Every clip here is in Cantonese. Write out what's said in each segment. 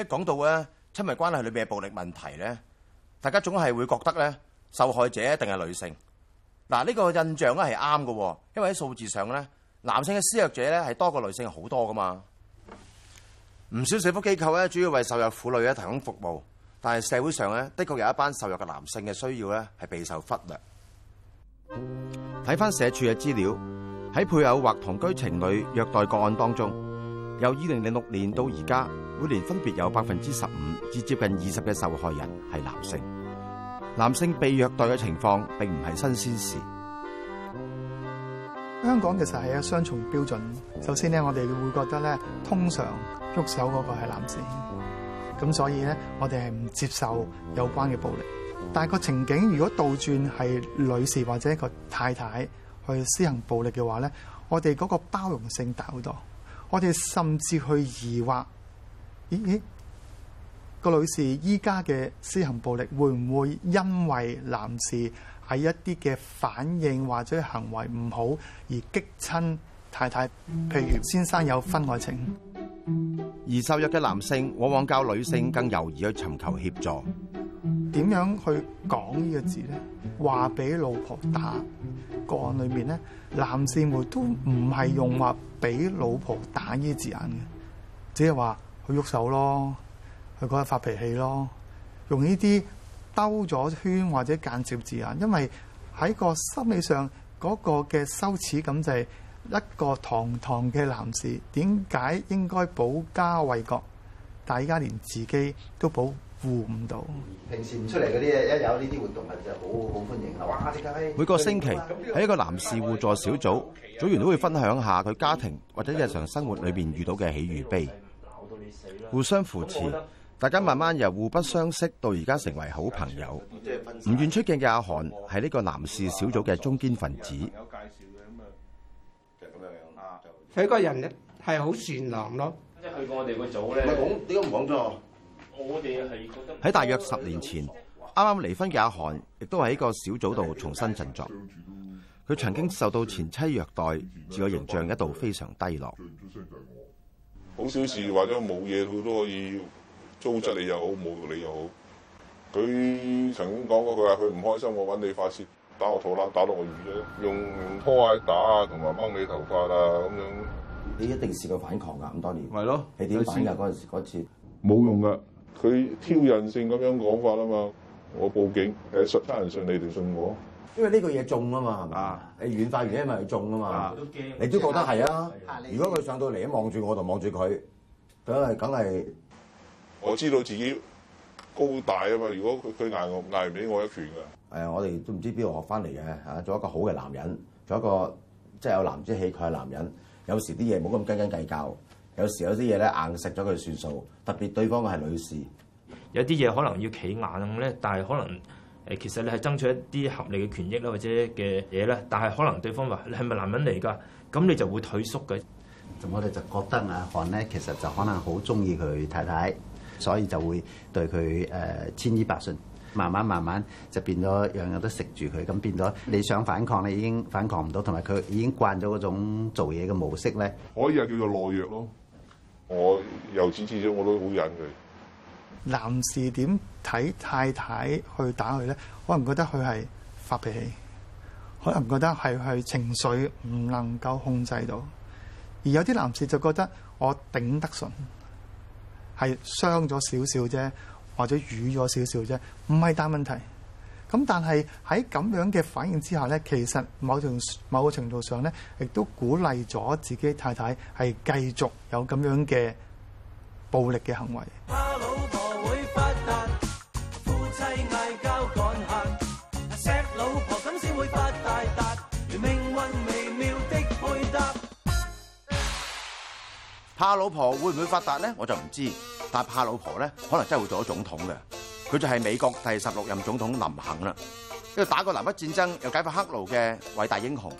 一講到咧，親密關係裏面嘅暴力問題咧，大家總係會覺得咧受害者一定係女性。嗱、這、呢個印象咧，係啱嘅，因為喺數字上咧，男性嘅施虐者咧係多過女性好多㗎嘛。唔少社福機構咧主要為受虐婦女咧提供服務，但係社會上咧的確有一班受虐嘅男性嘅需要咧係備受忽略。睇返社署嘅資料，喺配偶或同居情侶虐待個案當中。由二零零六年到而家，每年分別有百分之十五至接近二十嘅受害人係男性。男性被虐待嘅情況並唔係新鮮事。香港其實係有雙重標準，首先咧，我哋會覺得咧，通常喐手嗰個係男性，咁所以咧，我哋係唔接受有關嘅暴力。但係個情景如果倒轉係女士或者個太太去施行暴力嘅話咧，我哋嗰個包容性大好多。我哋甚至去疑惑，咦咦，個女士依家嘅施行暴力，會唔會因為男士喺一啲嘅反應或者行為唔好而激親太太？譬如先生有婚外情，而受虐嘅男性我往往較女性更猶豫去尋求協助。點樣去講呢個字咧？話俾老婆打。個案裏面呢，男士們都唔係用話俾老婆打呢字眼嘅，只係話佢喐手咯，佢嗰日發脾氣咯，用呢啲兜咗圈或者間接字眼，因為喺個心理上嗰個嘅羞恥感就係一個堂堂嘅男士，點解應該保家衛國？大家連自己都保護唔到。平時唔出嚟嗰啲嘢，一有呢啲活動，其實好好歡迎，每個星期喺一個男士互助小組，組員都會分享下佢家庭或者日常生活裏面遇到嘅喜與悲，互相扶持，大家慢慢由互不相識到而家成為好朋友。唔願出鏡嘅阿韓係呢個男士小組嘅中堅分子。佢個人係好善良咯。去過我哋個組咧，唔係講點解唔講咗？我哋係覺得喺大約十年前，啱啱離婚嘅阿韓，亦都喺個小組度重新振作。佢曾經受到前妻虐待，自我形象一度非常低落。好小事，或者冇嘢，佢都可以糟質你又好，侮辱你又好。佢曾經講過，佢話佢唔開心，我揾你發泄，打我肚腩，打落我耳仔，用拖鞋打啊，同埋掹你頭髮啊，咁樣。你一定試過反抗㗎，咁多年。係咯。你點反㗎？嗰陣時嗰次。冇用㗎，佢挑釁性咁樣講法啊嘛。我報警，誒、呃、順他人信你定信我。因為呢個嘢中啊嘛，係咪你軟化完咧咪中啊嘛。啊都你都覺得係啊？如果佢上到嚟望住我就望住佢，梗係梗係，我知道自己高大啊嘛。如果佢佢挨我挨俾我一拳㗎、啊。係、呃、我哋都唔知邊度學翻嚟嘅嚇，做一個好嘅男人，做一個即係、就是、有男子氣概嘅男人。有時啲嘢冇咁斤斤計較，有時有啲嘢咧硬食咗佢算數，特別對方嘅係女士。有啲嘢可能要企硬咁咧，但係可能誒，其實你係爭取一啲合理嘅權益啦，或者嘅嘢啦，但係可能對方話你係咪男人嚟㗎？咁你就會退縮嘅。咁我哋就覺得阿漢咧，其實就可能好鍾意佢太太，所以就會對佢誒千依百順。慢慢慢慢就變咗，樣樣都食住佢，咁變咗你想反抗，你已經反抗唔到，同埋佢已經慣咗嗰種做嘢嘅模式咧。可以啊，叫做懦弱咯。我由始至終我都好忍佢。男士點睇太太去打佢咧？可能覺得佢係發脾氣，可能覺得係係情緒唔能夠控制到，而有啲男士就覺得我頂得順，係傷咗少少啫。或者瘀咗少少啫，唔係大問題。咁但係喺咁樣嘅反應之下呢，其實某程度某個程度上呢，亦都鼓勵咗自己太太係繼續有咁樣嘅暴力嘅行為。怕老婆會唔會發達咧？我就唔知，但係怕老婆咧，可能真係會做咗總統嘅。佢就係美國第十六任總統林肯啦，一個打過南北戰爭又解放黑奴嘅偉大英雄。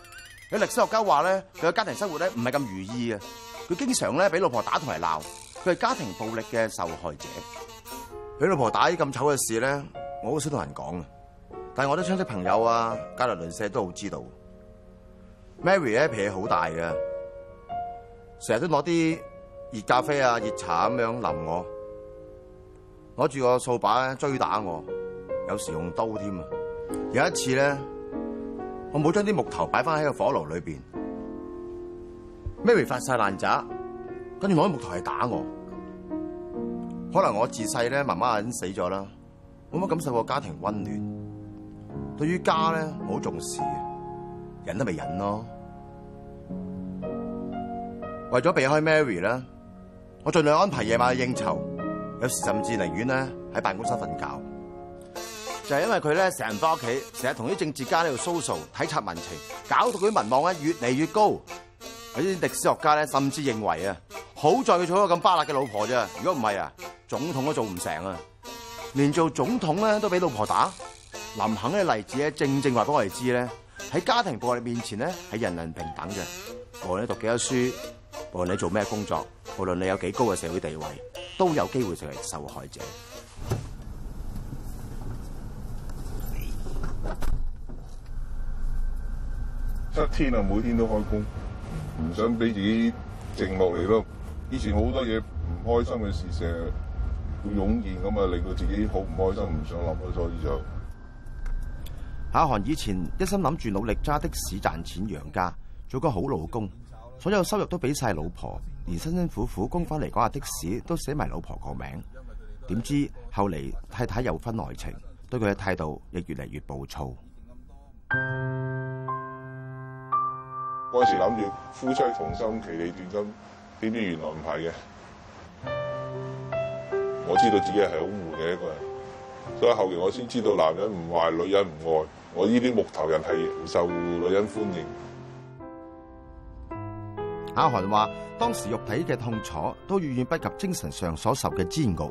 有歷史學家話咧，佢嘅家庭生活咧唔係咁如意啊。佢經常咧俾老婆打同埋鬧，佢係家庭暴力嘅受害者。俾老婆打咁醜嘅事咧，我好少同人講啊。但係我啲親戚朋友啊、隔鄰鄰舍都好知道。Mary 咧脾氣好大嘅，成日都攞啲熱咖啡啊，熱茶咁樣淋我，攞住個掃把追打我，有時用刀添啊！有一次咧，我冇將啲木頭擺翻喺個火爐裏邊，Mary 發晒爛渣，跟住攞啲木頭嚟打我。可能我自細咧，媽媽已經死咗啦，冇乜感受過家庭温暖。對於家咧，冇好重視嘅，忍都咪忍咯。為咗避開 Mary 呢。我盡量安排夜晚嘅應酬，有時甚至寧願咧喺辦公室瞓覺，就係因為佢咧成日翻屋企，成日同啲政治家呢度 s o s 體察民情，搞到佢啲民望咧越嚟越高。有啲歷史學家咧甚至認為啊，好在佢娶咗咁巴辣嘅老婆啫。如果唔係啊，總統都做唔成啊，連做總統咧都俾老婆打。林肯嘅例子咧，正正話俾我哋知咧，喺家庭暴力面前咧，係人人平等嘅，無論你讀幾多書，無論你做咩工作。無論你有幾高嘅社會地位，都有機會成為受害者。七天啊，每天都開工，唔想俾自己靜落嚟咯。以前好多嘢唔開心嘅事成日會湧現，咁啊令到自己好唔開心，唔想諗，所以就阿韓以前一心諗住努力揸的士賺錢養家，做個好老公，所有收入都俾晒老婆。而辛辛苦苦供翻嚟嗰架的士都寫埋老婆個名，點知後嚟太太有婚內情，對佢嘅態度亦越嚟越暴躁。嗰陣時諗住夫妻同心，其利斷金，點知原來唔係嘅。我知道自己係好悶嘅一個人，所以後嚟我先知道男人唔壞，女人唔愛。我呢啲木頭人係唔受女人歡迎。阿韓話：當時肉體嘅痛楚都遠遠不及精神上所受嘅煎熬。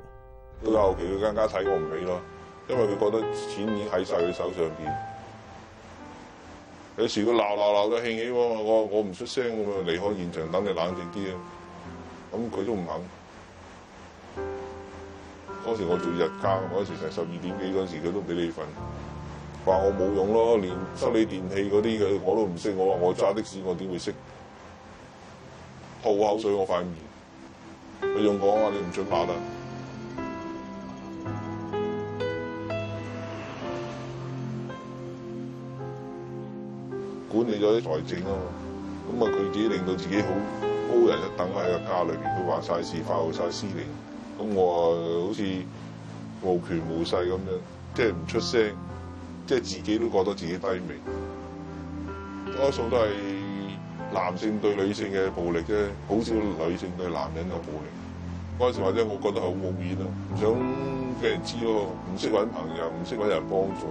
到後期佢更加睇我唔起咯，因為佢覺得錢已經喺晒佢手上邊。有時佢鬧鬧鬧就興起喎，我我唔出聲咁啊，離開現場等你冷靜啲啊。咁佢都唔肯。嗰時我做日更，嗰時成十二點幾嗰時佢都俾你瞓，話我冇用咯，連修理電器嗰啲嘅我都唔識，我話我揸的士，我點會識？吐口水我塊面，佢仲講話你唔準話啦。管理咗啲財政啊嘛，咁啊佢自己令到自己好高人一等喺個家裏邊，佢話曬事，發、呃、號曬司令。咁我啊好似無權無勢咁樣，即係唔出聲，即係自己都覺得自己低微。多數都係。男性對女性嘅暴力啫，好少女性對男人嘅暴力。嗰陣時或者我覺得好冇面咯，唔想俾人知咯，唔識揾朋友，唔識揾人幫助，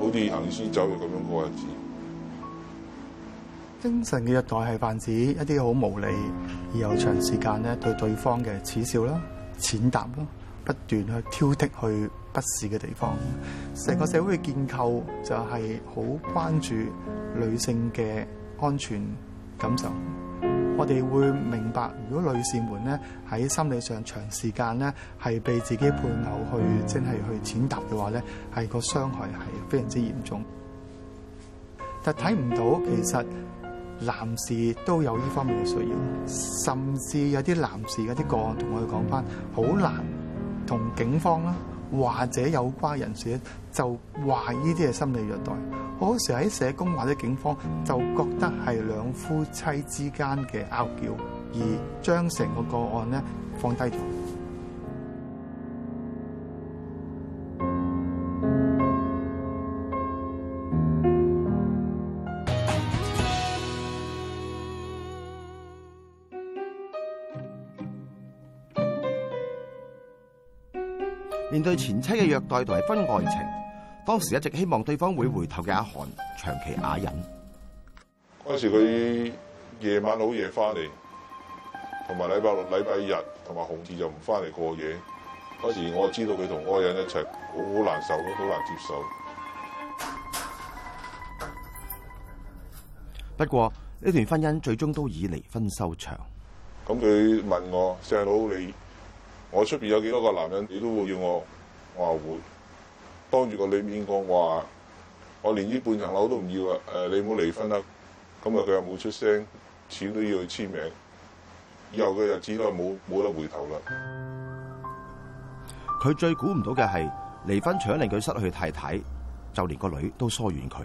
好似行屍走肉咁樣過日子。精神嘅虐待係泛指一啲好無理而又長時間咧對對方嘅恥笑啦、踐踏咯，不斷去挑剔、去不視嘅地方。成個社會嘅結構就係好關注女性嘅。安全感受，我哋會明白，如果女士們咧喺心理上長時間咧係被自己配偶去即係去踐踏嘅話咧，係、個傷害係非常之嚴重。但睇唔到，其實男士都有呢方面嘅需要，甚至有啲男士嗰啲個案同我哋講翻，好難同警方啦，或者有關人士咧，就話呢啲係心理虐待。好似喺社工或者警方就覺得係兩夫妻之間嘅拗撬，而將成個個案呢放低咗。面對前妻嘅虐待同埋婚外情。當時一直希望對方會回頭嘅阿韓長期啞忍。嗰時佢夜晚好夜翻嚟，同埋禮拜六、禮拜日同埋紅字就唔翻嚟過夜。嗰時我知道佢同嗰個人一齊，好難受咯，好難接受。不過呢段婚姻最終都以離婚收場。咁佢問我細佬你，我出邊有幾多個男人，你都會要我，我話會。當住個女面講話，我連呢半層樓都唔要啊。誒，你唔好離婚啦。咁啊，佢又冇出聲，錢都要去簽名，以後嘅日子都係冇冇得回頭啦。佢最估唔到嘅係離婚除咗令佢失去太太，就連個女都疏遠佢。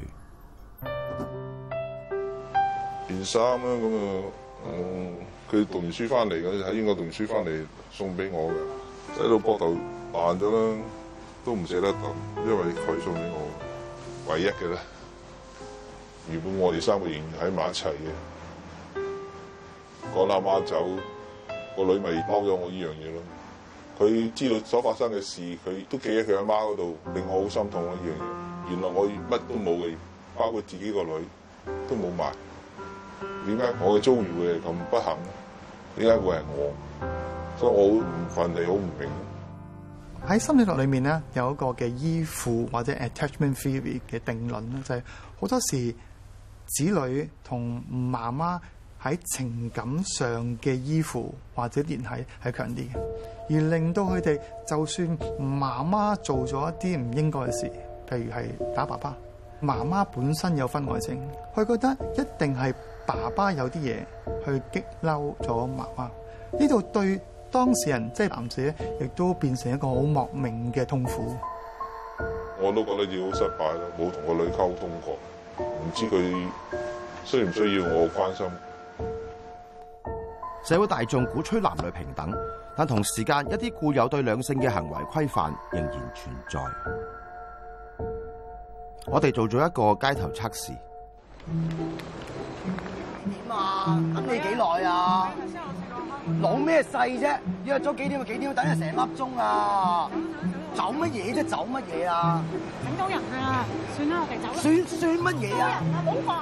件衫啦咁啊，哦，佢、嗯、讀完書翻嚟嘅喺英國讀完書翻嚟送俾我嘅，喺度膊頭爛咗啦。都唔捨得等，因為佢送俾我唯一嘅咧。原本我哋三個仍然喺埋一齊嘅，講阿媽，媽走，個女咪拋咗我呢樣嘢咯。佢知道所發生嘅事，佢都企喺佢阿媽嗰度，令我好心痛呢一樣嘢。原來我乜都冇嘅，包括自己個女都冇埋。點解我嘅遭遇會係咁不幸？點解會係我？所以我好唔憤，你好唔明。喺心理學裏面咧有一個嘅依附或者 attachment theory 嘅定論咧，就係好多時子女同媽媽喺情感上嘅依附或者聯繫係強啲嘅，而令到佢哋就算媽媽做咗一啲唔應該嘅事，譬如係打爸爸，媽媽本身有婚外情，佢覺得一定係爸爸有啲嘢去激嬲咗媽媽，呢度對。當事人即係男子咧，亦都變成一個好莫名嘅痛苦。我都覺得自己好失敗咯，冇同個女溝通過，唔知佢需唔需要我關心。社會大眾鼓吹男女平等，但同時間一啲固有對兩性嘅行為規範仍然存在。我哋做咗一個街頭測試。點啊？等你幾耐啊？老咩細啫？約咗幾點就幾點，等成粒鐘啊！走！走乜嘢啫？走乜嘢啊？整到人啊，算啦，我哋走。算，算乜嘢啊？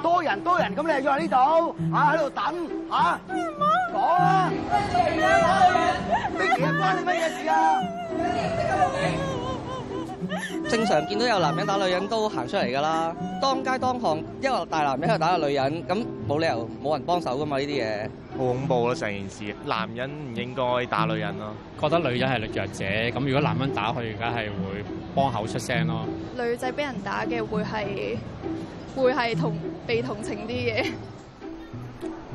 多人、啊、多人，咁你喺呢度，啊，喺度等，啊講啦、啊。你而家關你乜嘢事啊 で DIA？正常見到有男人打女人都行出嚟噶啦，當街當巷，一個大男人喺度打個女人，咁冇理由冇人幫手噶嘛？呢啲嘢。好恐怖咯！成件事，男人唔應該打女人咯。覺得女人係弱者，咁如果男人打佢，而家係會幫口出聲咯。女仔俾人打嘅會係會係同被同情啲嘢。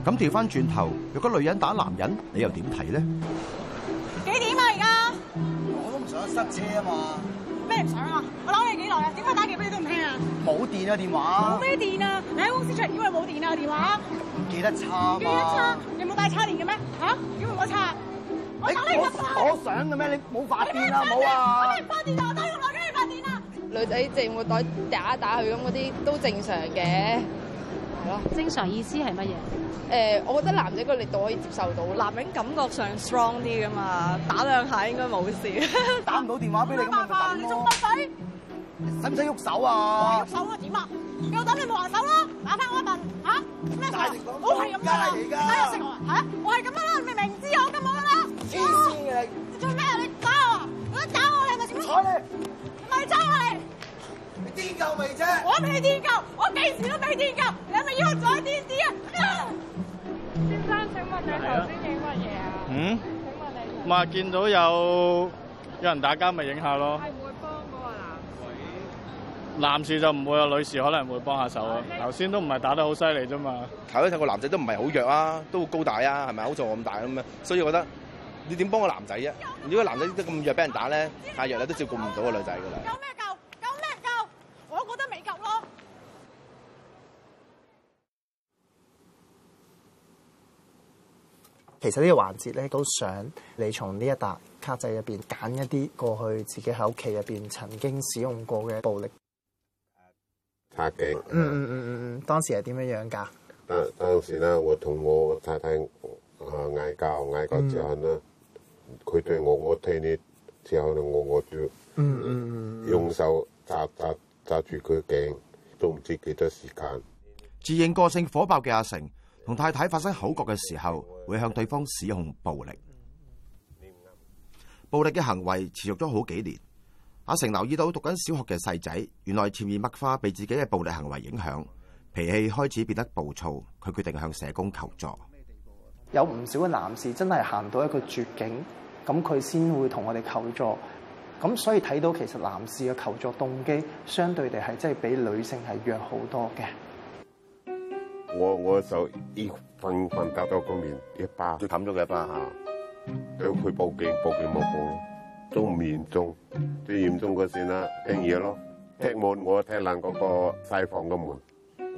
咁調翻轉頭，如果女人打男人，你又點睇咧？幾點啊？而家我都唔想塞車啊嘛！咩唔想啊？我留你幾耐啊？點解打電話俾你都唔聽啊？冇電啊電話！冇咩電啊？你喺公司出邊以為冇電啊電話？唔記得插啦！我戴擦鏈嘅咩？吓、啊？你要唔要我擦？我攞你隻包。我想嘅咩？你冇發癲啦，好冇啊！我哋唔放電話，我都要攞出去發癲啦！女仔即係袋打一打佢咁，嗰啲都正常嘅，係咯。正常意思係乜嘢？誒、欸，我覺得男仔個力度可以接受到。男人感覺上 strong 啲噶嘛，打兩下應該冇事。 打唔到電話俾你，有咩辦法？你仲乜鬼？使唔使喐手啊？喐手啊！點啊？夠膽你還手咯，打翻我一棍吓？咩、啊、大食講、啊啊，我係咁噶啦，你食吓？我係咁樣啦，你明，明知我咁冇啦，黐線嘅你、啊！你做咩啊？你打我！你打我，你咪你睬你！你咪抄我！你癲夠未啫？我未癲夠，我幾時都未癲夠，你咪喐再癲啲啊！先生，請問你頭先影乜嘢啊？嗯？唔係見到有有人打交咪影下咯。嗯男士就唔會啊，女士可能會幫下手啊。頭先都唔係打得好犀利啫嘛。睇一睇個男仔都唔係好弱啊，都好高大啊，係咪好似我咁大咁樣？所以我覺得你點幫個男仔啫？如果男仔都咁弱，俾人打咧，太弱啦，都照顧唔到個女仔噶啦。夠咩夠？夠咩夠？我覺得未夠咯。其實呢個環節咧，都想你從呢一沓卡仔入邊揀一啲過去自己喺屋企入邊曾經使用過嘅暴力。架嗯嗯嗯嗯嗯，當時係點樣樣㗎？當當時咧，我同我太太誒嗌交，嗌、啊、交之後呢，佢、嗯、對我，我聽你，之後咧，我我就用手揸揸揸住佢嘅頸，都唔知幾多時間。自認個性火爆嘅阿成，同太太發生口角嘅時候，會向對方使用暴力。暴力嘅行為持續咗好幾年。阿成留意到讀緊小學嘅細仔，原來潛移默化，被自己嘅暴力行為影響，脾氣開始變得暴躁。佢決定向社工求助。有唔少嘅男士真係行到一個絕境，咁佢先會同我哋求助。咁所以睇到其實男士嘅求助動機，相對地係真係比女性係弱好多嘅。我我就依瞓份打到個面一巴，再冚咗佢一巴吓，佢報警，報警冇報。都唔嚴重，最嚴重嗰先啦，踢嘢咯，踢門我踢爛嗰個細房嘅門。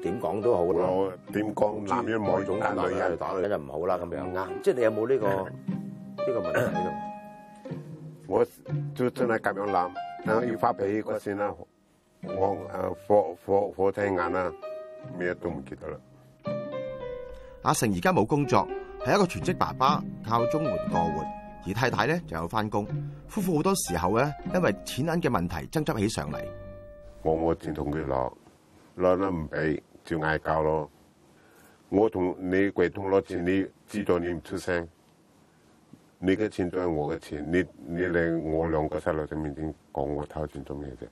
點講都好啦，我點講，男人冇種眼啦，就唔好啦，咁樣啱。即係你有冇呢個呢個問題喺度？我就真係咁樣攬，要發脾氣嗰先啦。我誒火火火睇眼啦，咩都唔記得啦。阿成而家冇工作，係一個全職爸爸，靠綜援過活。而太太咧就有翻工，夫婦好多時候咧因為錢銀嘅問題爭執起上嚟。我冇錢同佢攞，攞得唔俾就嗌交咯。我同你鬼同攞錢，你知道你唔出聲，你嘅錢都係我嘅錢，你你嚟我兩個細路仔面前講我偷錢做咩啫？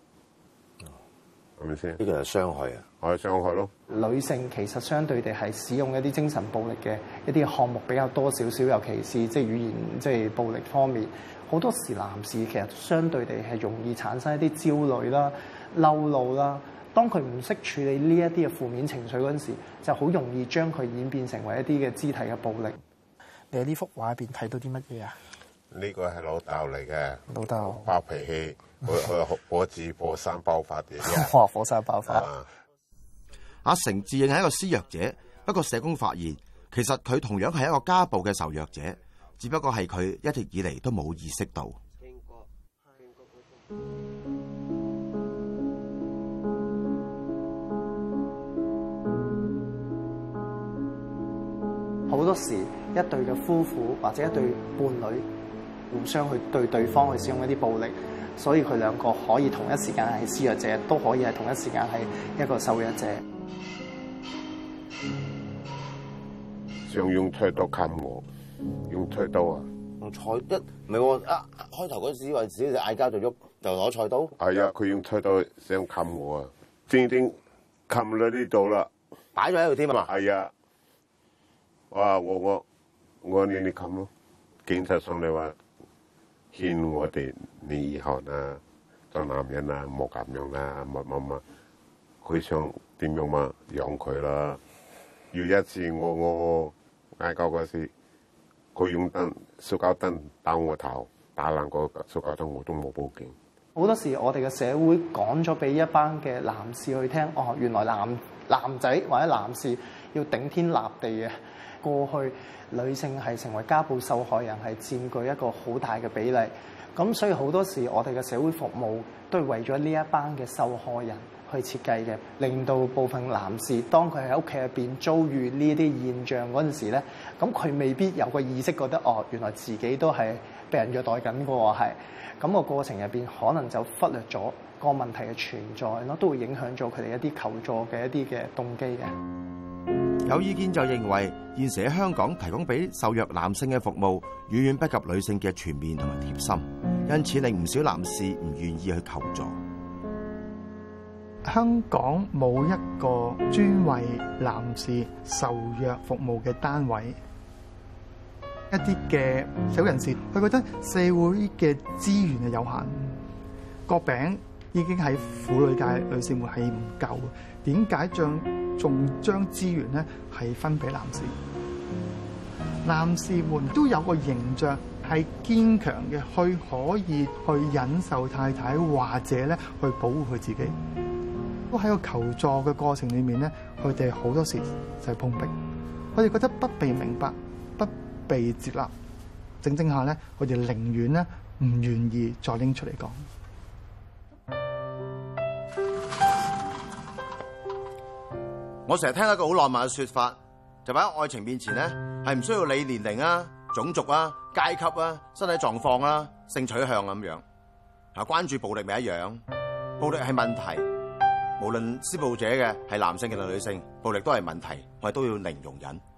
係咪先？呢個係傷害啊，我係傷害咯。女性其實相對地係使用一啲精神暴力嘅一啲項目比較多少少，尤其是即係語言即係、就是、暴力方面。好多時男士其實相對地係容易產生一啲焦慮啦、嬲怒啦。當佢唔識處理呢一啲嘅負面情緒嗰陣時，就好容易將佢演變成為一啲嘅肢體嘅暴力。你喺呢幅畫入邊睇到啲乜嘢啊？呢、這個係老豆嚟嘅，老豆爆脾氣，我佢火字火山爆發嘅，火山爆發，的 山爆發、嗯。阿成自認係一個施虐者，不過社工發現，其實佢同樣係一個家暴嘅受虐者，只不過係佢一直以嚟都冇意識到。好多時，一對嘅夫婦或者一對伴侶，互相去對對方去使用一啲暴力，所以佢兩個可以同一時間係施虐者，都可以係同一時間係一個受虐者。想用菜刀冚我。用菜刀啊？用菜一，唔係我啊！開頭嗰時以為自己就嗌交就喐，就攞菜刀。係、哎、啊，佢用菜刀想冚我啊！正正冚咗呢度啦，擺咗喺度添啊？係、哎、啊！哇！我我我你你冚咯，警察上嚟話。勸我哋你以後啦，當男人啦，唔好咁樣啦，乜乜乜，佢想點樣嘛，養佢啦。要一次我我我嗌交嗰時，佢用燈塑膠燈打我頭，打爛個塑膠燈我都冇報警。好多時我哋嘅社會講咗俾一班嘅男士去聽，哦，原來男男仔或者男士要頂天立地啊。」過去女性係成為家暴受害人係佔據一個好大嘅比例，咁所以好多時我哋嘅社會服務都係為咗呢一班嘅受害人去設計嘅，令到部分男士當佢喺屋企入邊遭遇呢啲現象嗰陣時咧，咁佢未必有個意識覺得哦，原來自己都係被人虐待緊嘅喎，係咁個過程入邊可能就忽略咗個問題嘅存在咯，都會影響咗佢哋一啲求助嘅一啲嘅動機嘅。有意見就認為，現時喺香港提供俾受虐男性嘅服務，遠遠不及女性嘅全面同埋貼心，因此令唔少男士唔願意去求助。香港冇一個專為男士受虐服務嘅單位，一啲嘅社會人士，佢覺得社會嘅資源係有限，個餅。已經喺婦女界，女士們係唔夠嘅。點解將仲將資源咧係分俾男士？男士們都有個形象係堅強嘅，去可以去忍受太太，或者咧去保護佢自己。不過喺個求助嘅過程裡面咧，佢哋好多時就係碰壁，佢哋覺得不被明白、不被接納，整整一下咧，佢哋寧願咧唔願意再拎出嚟講。我成日聽到一個好浪漫嘅說法，就喺愛情面前咧，係唔需要理年齡啊、種族啊、階級啊、身體狀況啊、性取向咁樣。嚇，關注暴力咪一樣？暴力係問題，無論施暴者嘅係男性嘅定女性，暴力都係問題，我哋都要零容忍。